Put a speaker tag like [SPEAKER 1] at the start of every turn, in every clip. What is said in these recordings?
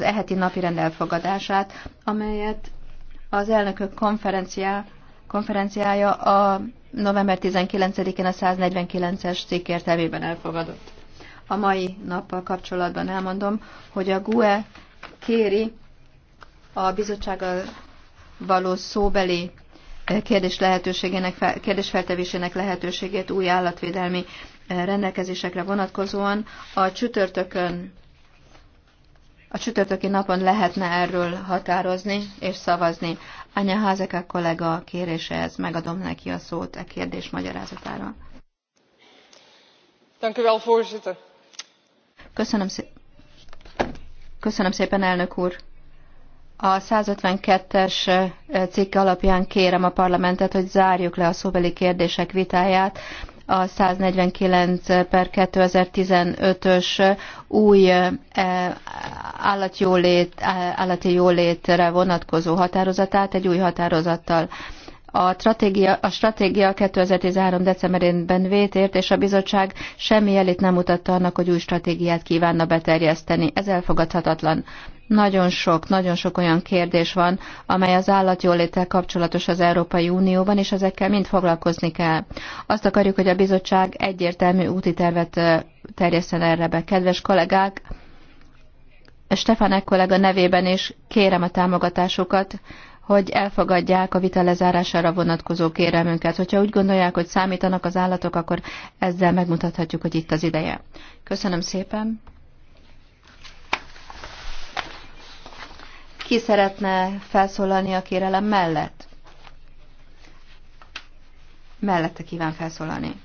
[SPEAKER 1] az eheti rend elfogadását, amelyet az elnökök konferenciá, konferenciája a november 19-én a 149-es cikk értelmében elfogadott. A mai nappal kapcsolatban elmondom, hogy a GUE kéri a bizottsággal való szóbeli eh, kérdés lehetőségének, kérdésfeltevésének lehetőségét új állatvédelmi eh, rendelkezésekre vonatkozóan a csütörtökön a csütörtöki napon lehetne erről határozni és szavazni. Anya Házeka kollega ez megadom neki a szót a e kérdés magyarázatára. Köszönöm, szé- Köszönöm szépen, elnök úr. A 152-es cikk alapján kérem a parlamentet, hogy zárjuk le a szóbeli kérdések vitáját, a 149 per 2015-ös új eh, állatjólét, állati jólétre vonatkozó határozatát egy új határozattal a stratégia, a stratégia 2013. decemberében vétért, és a bizottság semmi jelét nem mutatta annak, hogy új stratégiát kívánna beterjeszteni. Ez elfogadhatatlan. Nagyon sok, nagyon sok olyan kérdés van, amely az állatjóléttel kapcsolatos az Európai Unióban, és ezekkel mind foglalkozni kell. Azt akarjuk, hogy a bizottság egyértelmű úti tervet terjeszten erre be. Kedves kollégák, Stefanek kollega nevében is kérem a támogatásokat, hogy elfogadják a vita lezárására vonatkozó kérelmünket. Hogyha úgy gondolják, hogy számítanak az állatok, akkor ezzel megmutathatjuk, hogy itt az ideje. Köszönöm szépen. Ki szeretne felszólalni a kérelem mellett? Mellette kíván felszólalni.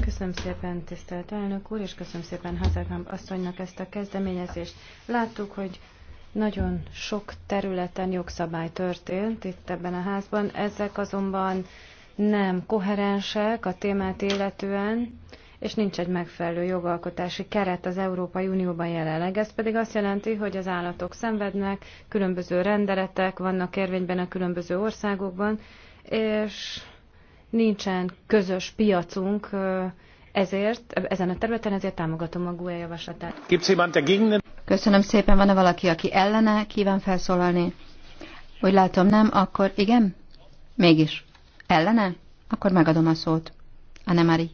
[SPEAKER 2] Köszönöm szépen, tisztelt elnök úr, és köszönöm szépen Hazakamp asszonynak ezt a kezdeményezést. Láttuk, hogy nagyon sok területen jogszabály történt itt ebben a házban, ezek azonban nem koherensek a témát illetően, és nincs egy megfelelő jogalkotási keret az Európai Unióban jelenleg. Ez pedig azt jelenti, hogy az állatok szenvednek, különböző rendeletek vannak érvényben a különböző országokban, és nincsen közös piacunk ezért, ezen a területen, ezért támogatom a GUE javaslatát.
[SPEAKER 1] Köszönöm szépen. Van-e valaki, aki ellene kíván felszólalni? Úgy látom, nem, akkor igen? Mégis. Ellene? Akkor megadom a szót. Anne Mari.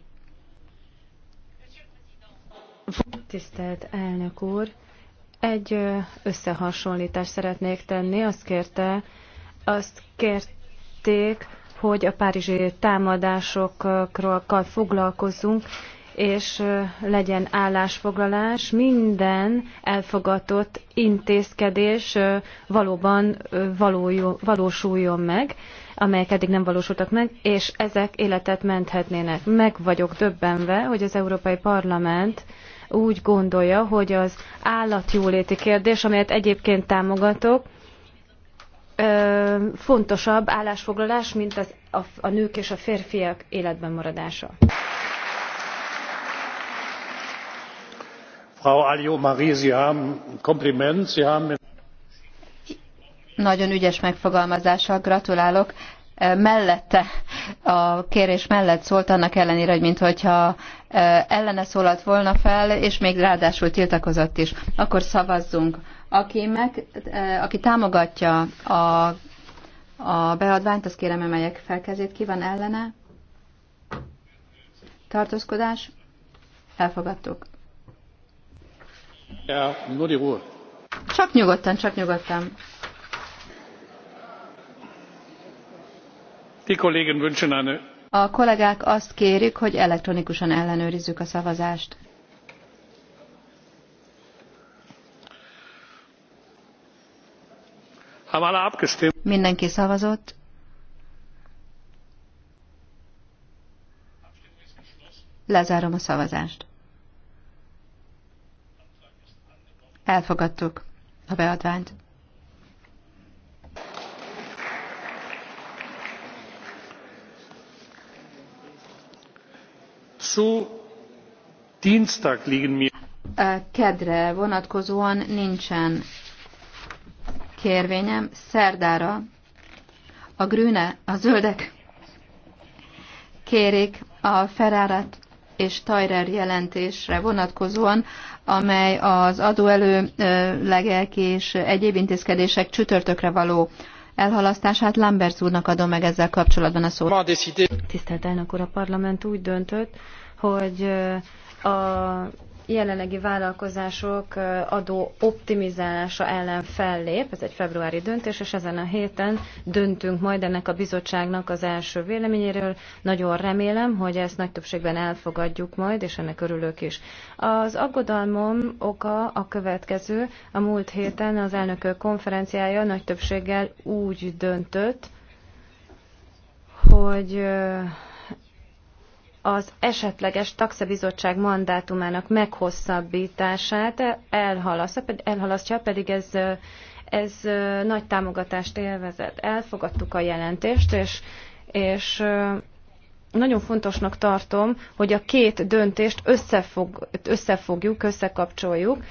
[SPEAKER 2] Tisztelt elnök úr! Egy összehasonlítást szeretnék tenni. Azt kérte, azt kérték, hogy a párizsi támadásokról foglalkozzunk, és legyen állásfoglalás, minden elfogadott intézkedés valóban valósuljon meg, amelyek eddig nem valósultak meg, és ezek életet menthetnének. Meg vagyok döbbenve, hogy az Európai Parlament úgy gondolja, hogy az állatjóléti kérdés, amelyet egyébként támogatok, fontosabb állásfoglalás, mint az, a, a nők és a férfiak életben maradása. frau alio marie sie haben ein kompliment sie haben
[SPEAKER 1] nagyon ügyes megfogalmazással gratulálok. Mellette, a kérés mellett szólt, annak ellenére, hogy minthogyha ellene szólalt volna fel, és még ráadásul tiltakozott is. Akkor szavazzunk. Aki, meg, aki támogatja a, a beadványt, azt kérem emeljek fel kezét. Ki van ellene? Tartózkodás? Elfogadtuk. Csak nyugodtan, csak nyugodtan. a kollégák azt kérik, hogy elektronikusan ellenőrizzük a szavazást. Mindenki szavazott. Lezárom a szavazást. Elfogadtuk a beadványt.
[SPEAKER 2] Szó Dienstag liegen mir.
[SPEAKER 1] Kedre vonatkozóan nincsen kérvényem. Szerdára a grüne, a zöldek kérik a Ferrarat és Tajrer jelentésre vonatkozóan, amely az adóelőlegek és egyéb intézkedések csütörtökre való elhalasztását. Lambert úrnak adom meg ezzel kapcsolatban a szót. Tisztelt elnök úr, a parlament úgy döntött, hogy a jelenlegi
[SPEAKER 2] vállalkozások adó optimizálása ellen fellép, ez egy februári döntés, és ezen a héten döntünk majd ennek a bizottságnak az első véleményéről. Nagyon remélem, hogy ezt nagy többségben elfogadjuk majd, és ennek örülök is. Az aggodalmom oka a következő. A múlt héten az elnökök konferenciája nagy többséggel úgy döntött, hogy az esetleges taxabizottság mandátumának meghosszabbítását elhalasztja, elhalasztja pedig ez, ez nagy támogatást élvezett. Elfogadtuk a jelentést, és, és nagyon fontosnak tartom, hogy a két döntést összefog, összefogjuk, összekapcsoljuk.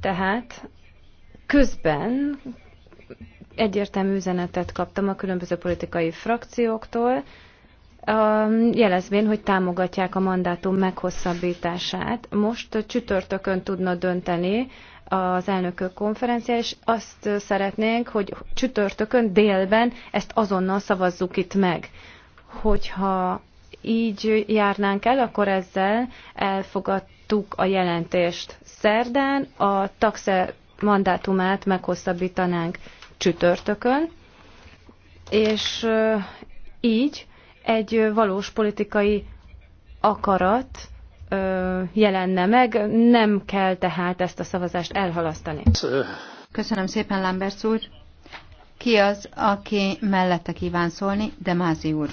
[SPEAKER 2] Tehát közben egyértelmű üzenetet kaptam a különböző politikai frakcióktól, jelezvén, hogy támogatják a mandátum meghosszabbítását. Most csütörtökön tudna dönteni az elnökök konferencia, és azt szeretnénk, hogy csütörtökön délben ezt azonnal szavazzuk itt meg. Hogyha így járnánk el, akkor ezzel elfogadtuk a jelentést. Szerdán a taxe mandátumát meghosszabbítanánk csütörtökön, és így egy valós politikai akarat jelenne meg, nem kell tehát ezt a szavazást elhalasztani. Köszönöm szépen, Lamberts úr.
[SPEAKER 1] Ki az, aki mellette kíván szólni? Demázi úr.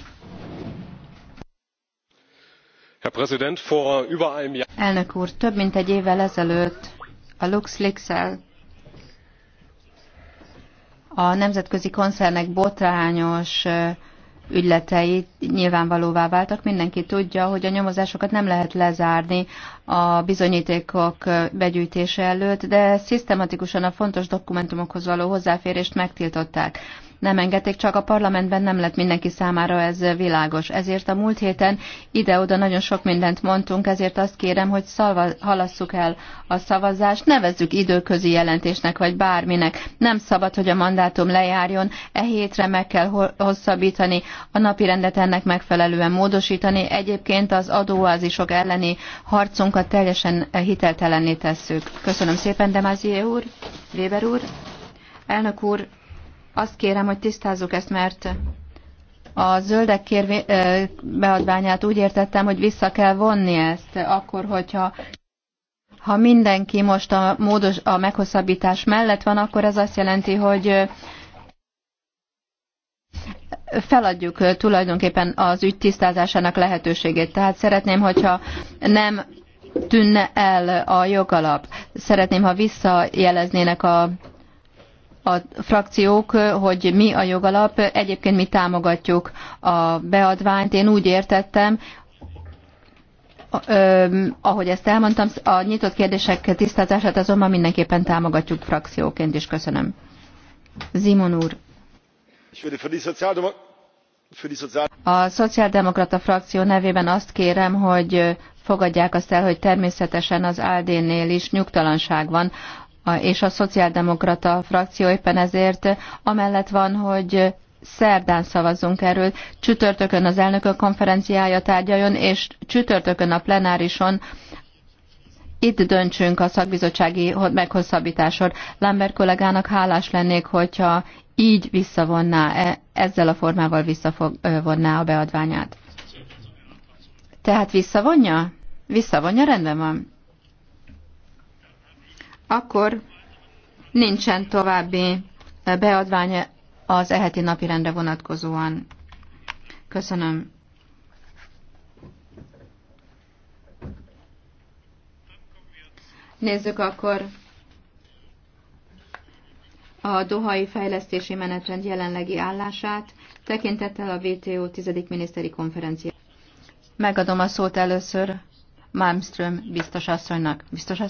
[SPEAKER 2] Herr Präsident, vor über einem Jahr...
[SPEAKER 1] Elnök úr, több mint egy évvel ezelőtt a luxleaks a nemzetközi koncernek botrányos ügyletei nyilvánvalóvá váltak. Mindenki tudja, hogy a nyomozásokat nem lehet lezárni a bizonyítékok begyűjtése előtt, de szisztematikusan a fontos dokumentumokhoz való hozzáférést megtiltották nem engedték, csak a parlamentben nem lett mindenki számára ez világos. Ezért a múlt héten ide-oda nagyon sok mindent mondtunk, ezért azt kérem, hogy szalva, halasszuk el a szavazást, nevezzük időközi jelentésnek, vagy bárminek. Nem szabad, hogy a mandátum lejárjon, e hétre meg kell hosszabbítani, a napi rendet ennek megfelelően módosítani. Egyébként az adóázisok elleni harcunkat teljesen hiteltelenné tesszük. Köszönöm szépen, Demazié úr, Weber úr, elnök úr, azt kérem, hogy tisztázzuk ezt, mert a zöldek kérvé, beadványát úgy értettem, hogy vissza kell vonni ezt, akkor, hogyha ha mindenki most a, módos, a meghosszabbítás mellett van, akkor ez azt jelenti, hogy feladjuk tulajdonképpen az ügy tisztázásának lehetőségét. Tehát szeretném, hogyha nem tűnne el a jogalap. Szeretném, ha visszajeleznének a a frakciók, hogy mi a jogalap. Egyébként mi támogatjuk a beadványt. Én úgy értettem, ahogy ezt elmondtam, a nyitott kérdések tisztázását azonban mindenképpen támogatjuk frakcióként is. Köszönöm. Zimon úr. A szociáldemokrata frakció nevében azt kérem, hogy fogadják azt el, hogy természetesen az Áldénnél is nyugtalanság van és a szociáldemokrata frakció éppen ezért amellett van, hogy szerdán szavazunk erről, csütörtökön az elnökök konferenciája tárgyaljon, és csütörtökön a plenárison itt döntsünk a szakbizottsági meghosszabbításon. Lambert kollégának hálás lennék, hogyha így visszavonná, e, ezzel a formával visszavonná a beadványát. Tehát visszavonja? Visszavonja, rendben van akkor nincsen további beadvány az eheti napirendre vonatkozóan. Köszönöm. Nézzük akkor a Dohai Fejlesztési Menetrend jelenlegi állását, tekintettel a WTO 10. miniszteri konferenciára. Megadom a szót először Malmström biztos asszonynak. Biztos asszony?